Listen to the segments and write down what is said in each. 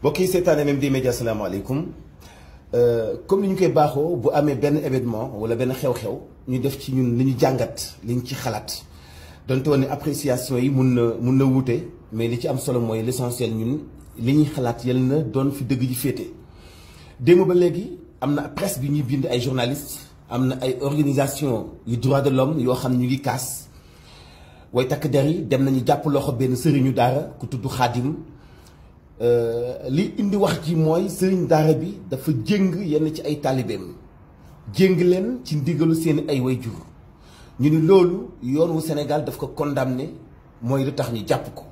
mbokk yi seetaan MMD Media asalaamaaleykum euh, comme li ñu koy baaxoo bu amee benn événement wala benn xew-xew ñu def ci ñun li ñu jàngat li ñu ci xalaat donte woon ne appréciation yi mun na mun na wuute mais li ci am solo mooy l'essentiel ñun li ñuy xalaat yal na doon fi dëgg ji féete. démb ba léegi am na presse bi ñuy bind ay journalistes am na ay organisation yu droit de l'homme yoo xam ne ñu ngi kaas way takk der yi dem nañu jàpp loxo benn sëriñu daara ku tudd xaadim Euh, li indi wax ji mooy sëriñ daara bi dafa jëng yenn ci ay taalibeem jéng leen ci ndigalu seen ay wayjur ñu ni loolu yoon wu Sénégal daf ko ne mooy lu tax ñu jàpp ko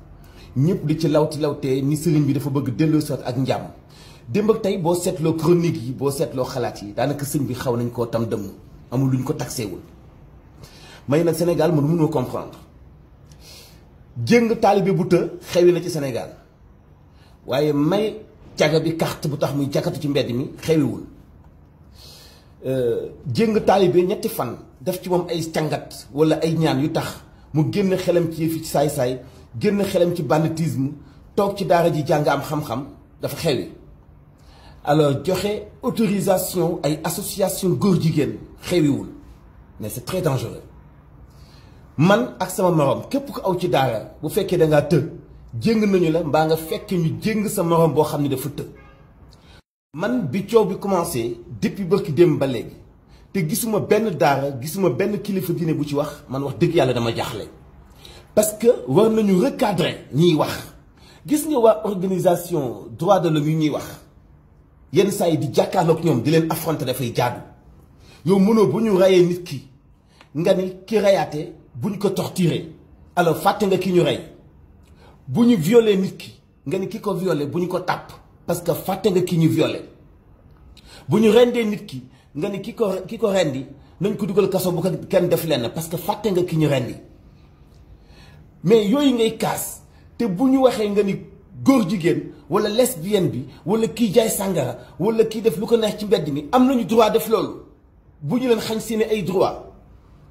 ñëpp di ci lawti lawtee ni sëriñ bi dafa bëgg delloo soit ak njàmm démb ak tey boo seetloo chronique yi boo seetloo xalaat yi daanaka sëñ bi xaw nañ koo tam dëmm amul luñ ñu ko taxewul may nag Sénégal mënu mënoo comprendre jéng taalibe bu të xewi na ci Sénégal waaye may caga bi carte bu tax muy jakkatu ci mbedd mi xewiwul euh, jéng taalibe ñetti fan def ci moom ay càngat wala ay ñaan yu tax mu génn xelam ci saay-saay génn xelam ci banditisme toog ci daara ji jàng am xam-xam dafa xewi alors joxe autorisation ay association góor jigéen xewiwul mais c'est très dangereux man ak sama moroom képp ku aw ci daara bu fekkee dangaa të jéng nañu la mbaa nga fekk ñu jéng sa morom boo xam ne dafa të. man bi coow bi commencé depuis bërki démb ba léegi te gisuma benn daara gisuma benn kilifa diine bu ci wax man wax dëgg yàlla dama jaaxle parce que war nañu recadrer ñiy wax gis nga waa organisation droit de l'homme yi ñuy wax yenn saa yi di jàkkaarloog ñoom di leen affronter dafay jaadu yow mënoo bu ñu rayee nit ki nga ni ki rayaate bu ñu ko torturer alors fàtte nga ki ñu rey. bu ñu violé nit ki nga ni ki ko violé bu ñu ko tàpp parce que fàtte nga ki ñu violé bu ñu rendee nit ki nga ni ki ko ki ko rendi nañ ko dugal kaso bu ko kenn def lenn parce que fàtte nga ki ñu rendi mais yooyu ngay kaas te bu ñu waxee nga ni góor jigéen wala lesbienne bi wala kii jaay sàngara wala kii def lu ko neex ci mbedd mi am nañu droit def loolu bu ñu leen xañ seeni ay droit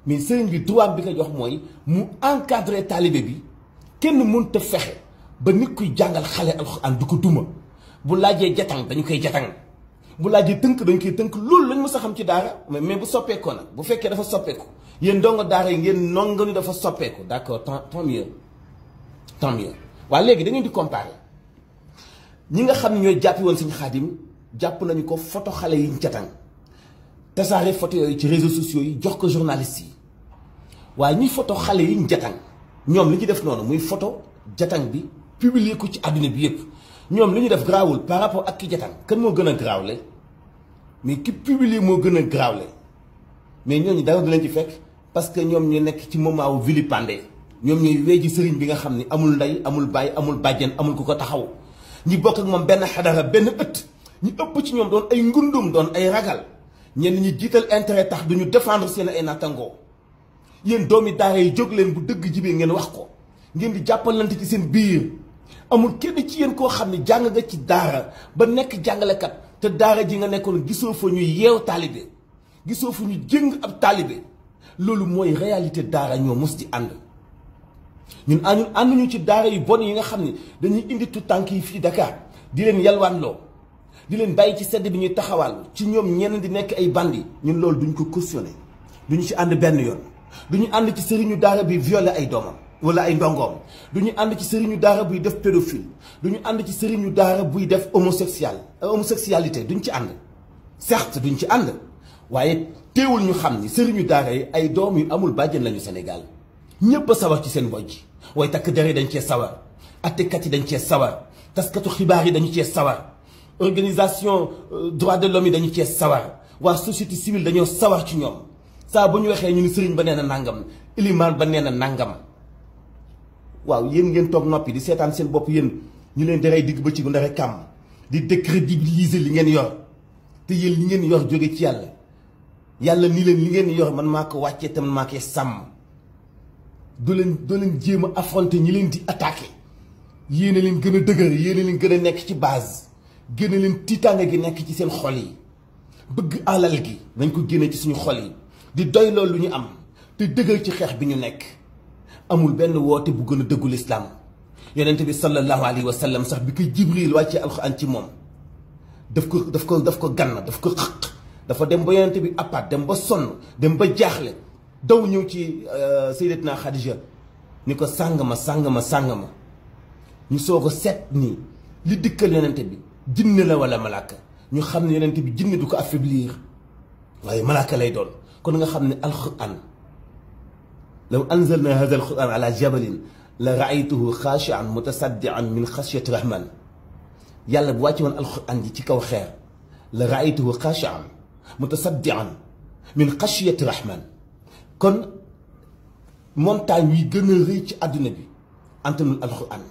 mais sëriñ bi droit bi ko jox mooy mu encadrer taalibe bi kenn mënta fexe ba nit kuy jàngal xale am du ko duma bu laajee jatang dañu koy jatang bu laajee tënk dañu koy tënk loolu lañ mës sa xam ci daara mais bu soppeekoo nag bu fekkee dafa soppeeku yéen ndongo daara yi ngeen nonga ni dafa soppeeku d'accord tant tant mieux tant mieux waaye léegi da di comparer ñi nga xam ne ñooy jàppi woon suñu xaadim jàpp nañu ko photo xale yi jatang tasaare photo yooyu ci réseaux sociaux yi jox ko journalistes yi waaye ñi photo xale yi jatang ñoom li ñu def noonu muy photo jatan bi publier ko ci àdduna bi yëpp ñoom li ñu def garaawul par rapport ak ki jatang kan moo gën a garaawle mais ki publier moo gën a garaawle mais ñooñu dara du leen ci fekk parce que ñoom ñu nekk ci moment wu vilipendé ñoom ñuy weeji sëriñ bi nga xam ni amul ndey amul baay amul bàjjen amul ku ko taxaw ñi bokk ak moom benn xadara benn ëtt ñu ëpp ci ñoom doon ay ngundum doon ay ragal ñenn ñi jiital intérêt tax duñu défendre seen ay nattangoo yéen doomi daara yi jóg leen bu dëgg jibee ngeen wax ko ngeen di jàppalante ci seen biir amul kenn ci yéen koo xam ne jàng nga ci daara ba nekk jàngalekat te daara ji nga nekkoon gisoo fa ñuy yeew taalibe gisoo fa ñu jëng ab taalibe loolu mooy réalité daara ñoo mos di ànd ñun añun ànduñu ci daara yi bon yi nga xam ne dañuy indi tu tànk yi fii Dakar di leen yalwaanloo di leen bàyyi ci sedd bi ñuy taxawaal ci ñoom ñeneen di nekk ay bandi ñun loolu duñ ko cautionné duñu ci ànd benn yoon du ñu ànd ci sëriñu daara bi violer ay doomam wala ay ndongoom du ñu ànd ci sëriñu daara buy def pédophile du ñu ànd ci sëriñu daara buy def homosexuel euh, homosexualité duñ ci ànd certes duñ ci ànd waaye teewul ñu xam ni sëriñu daara yi ay doom yu amul bàjjen lañu Sénégal ñëpp sawar ci seen bojj waaye takk der yi dañ cee sawar attekat yi dañ cee sawar taskatu xibaar yi dañu cee sawar organisation euh, droit de l'homme yi dañu cee sawar waa société civile dañoo sawar ci ñoom saa bu ñu waxee ñu ni sëriñ ba nee na nangam ilimaan ba nee na nangam waaw yéen ngeen toog noppi di seetaan seen bopp yéen ñu leen di rey digg ba ci bu ndaree kàmm di décrédibiliser li ngeen yor te yéen li ngeen yor jóge ci yàlla yàlla nii leen li ngeen yor man maa ko wàccee te man maa koy sàmm doo leen doo leen jéem a affronter ñi leen di attaquer yéen a leen gën a dëgër yéen a leen gën a nekk ci base gën a leen tiitaange gi nekk ci seen xol yi bëgg alal gi nañ ko génne ci suñu xol yi. di doy loolu lu ñu am te dëggal ci xeex bi ñu nekk amul benn woote bu gën a dëggul islaam yonent bi sallallahu alayhi wa sax bi koy jibril wàccee alxuraan ci moom daf ko daf ko daf ko gann daf ko xëq dafa dem ba yonent bi appaat dem ba sonn dem ba jaaxle daw ñëw ci euh, sayyidatna Xadija ni ko sàng ma sàng ma sàng ma ñu soo ko set nii li dikkal yonent bi jinne la wala malaaka ñu xam ne yonent bi jinne du ko affaiblir waaye malaaka lay doon kon nga xam ne alquran law anzalna hada alquran ala jabalin la raaytuhu xaashian mutasaddian min xashyati rahman yàlla bu wàcce woon alquran ji ci kaw xeer la raaytuhu xaashian mutasaddian min xashyati rahman kon montagne yi gën a ci àdduna bi antanul alquran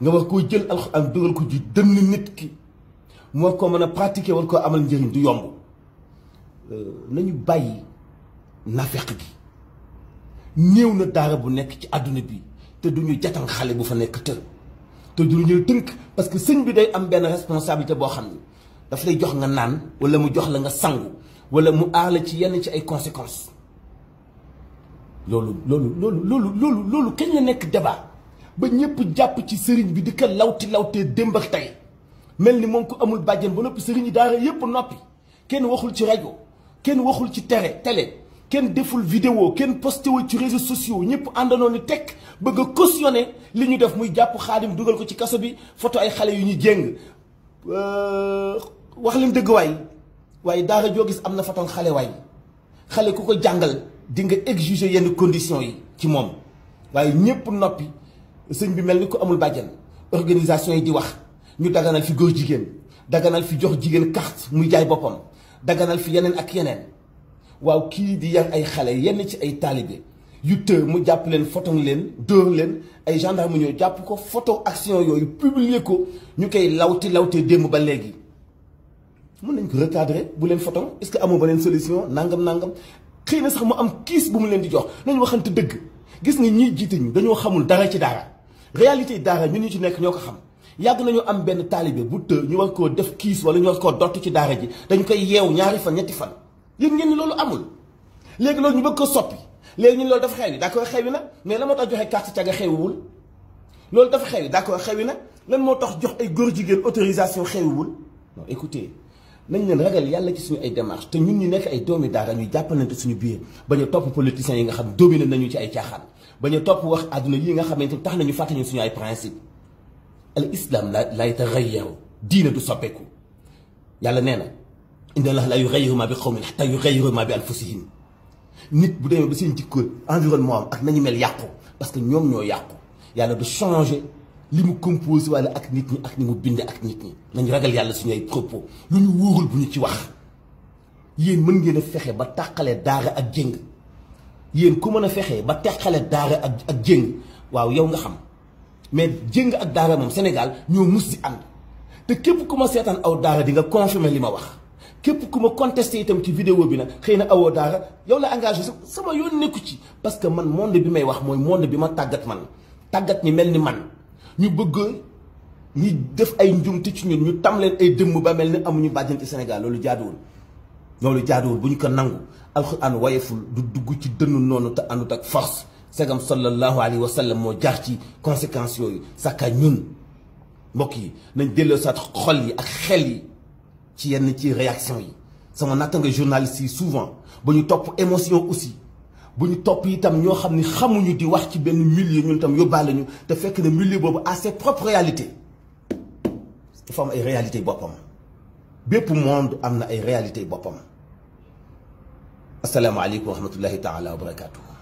nga wax koo jël alquran dugal ko ji dënn nit ki moo ko mën a pratiquer war koo amal njëriñ du yomb euh, nañu nafeq gi néew na daara bu nekk ci àdduna bi te du ñu jatal xale bu fa nekk tër te du ñuy tënk parce que sëñ bi day am benn responsabilité boo xam ne daf lay jox nga naan wala mu jox la nga sangu wala mu aar la ci yenn ci ay conséquences loolu loolu loolu loolu loolu loolu la nekk débat ba ñëpp jàpp ci sëriñ bi di ko lawti lawtee démb ak tey mel ni moom ko amul bàjjen ba noppi sëriñ yi daara yëpp noppi kenn waxul ci rajo kenn waxul ci tere tele kenn deful vidéo kenn posté wu ci réseaux sociaux ñëpp àndandoo ni tekk bëgg a cautionné li ñu def muy jàpp xaadim dugal ko ci kaso bi photo ay xale yu ñu jéng euh, wax leen dëgg waay waaye daara joo gis am na foton xale waay xale ku ko jàngal di nga exiger yenn conditions yi ci moom waaye ñëpp noppi sëñ bi mel ni ko amul bàjjan organisation yi di wax ñu daganal fi góor jigéen daganal fi jox jigéen carte muy jaay boppam daganal fi yeneen ak yeneen waaw kii di yar ay xale yenn ci ay taalibe yu të mu jàpp leen photo leen dóor leen ay gendarme ñoo jàpp ko photo action yooyu publier ko ñu koy lawti lawte démb ba léegi mun nañ ko recadrer bu leen photo est-ce que amoo leen solution nangam nangam xëy na sax mu am kiis bu mu leen di jox nañu waxante dëgg gis nga ñiy jiite ñu dañoo xamul dara ci daara réalité daara ñun ñu ci nekk ñoo ko xam yàgg nañu am benn taalibe bu të ñu war koo def kiis wala ñu war koo dott ci daara ji dañu koy yeew ñaari fan ñetti fan yéen ngeen ni loolu amul léegi loolu ñu bëgg ko soppi léegi ñun loolu dafa xew yi d'accord xew yi na mais lan moo tax joxe carte caga xewwul loolu dafa xew yi d'accord xew yi na lan moo tax jox ay góor jigéen autorisation xewwul non écoutez nañ leen ragal yàlla ci suñu ay démarche te ñun ñu nekk ay doomi daara ñuy jàppalante suñu biir bañ ñu topp politiciens yi nga xam dominé nañu ci ay caaxaan bañ a topp wax àdduna yi nga xamante tax nañu fàtte ñu suñu ay principe al islam la lay taxayyaru diina du soppeeku yàlla nee na inna allah la yughayyiru ma bi qawmin hatta yughayyiru ma bi anfusihim nit bu demee ba seen jikko environnement am ak nañu mel yàqu parce que ñoom ñoo yàqu yàlla du changer li mu composé walla ak nit ñi ak ni mu binde ak nit ñi nañu ragal yàlla suñu ay propos lu ñu wóorul bu ñu ci wax yéen mën ngeen a fexe ba tàqale daara ak jéng yéen ku mën a fexe ba teqale daara ak ak jéng waaw yow nga xam mais jëng ak daara moom Sénégal ñoo mus si ànd te képp ku ma seetaan aw daara di nga confirmer li ma wax képp ku ma contesté itam ci vidéo bi nag xëy na awoo daara yow la engagé sama yoon nekku ci parce que man monde bi may wax mooy monde bi ma tàggat man tàggat ñi mel ni man ñu bëgg ñu def ay njumte ci ñun ñu tam leen ay dëmm ba mel ni amuñu bàjjen ci Sénégal loolu jaaduwul loolu jaaduwul bu ñu ko nangu alxuraan wayeful du dugg ci dënnu noonu te àndut ak force segam sallallahu alayhi wa sallam moo jaar ci conséquences yooyu saka ñun mbokk yi nañ delloo saat xol yi xel yi ci yenn ci réaction yi sama nattanga journaliste yi souvent ba ñu topp émotion aussi bu ñu topp itam ñoo xam ni xamuñu di wax ci benn milieu ñun itam yóbbaale ñu te fekk na milieu boobu à ses propres réalité dafa am ay réalité boppam bépp monde am na ay réalités boppam asalaamaaleykum wa rahmatullahi taala wa barakaatu.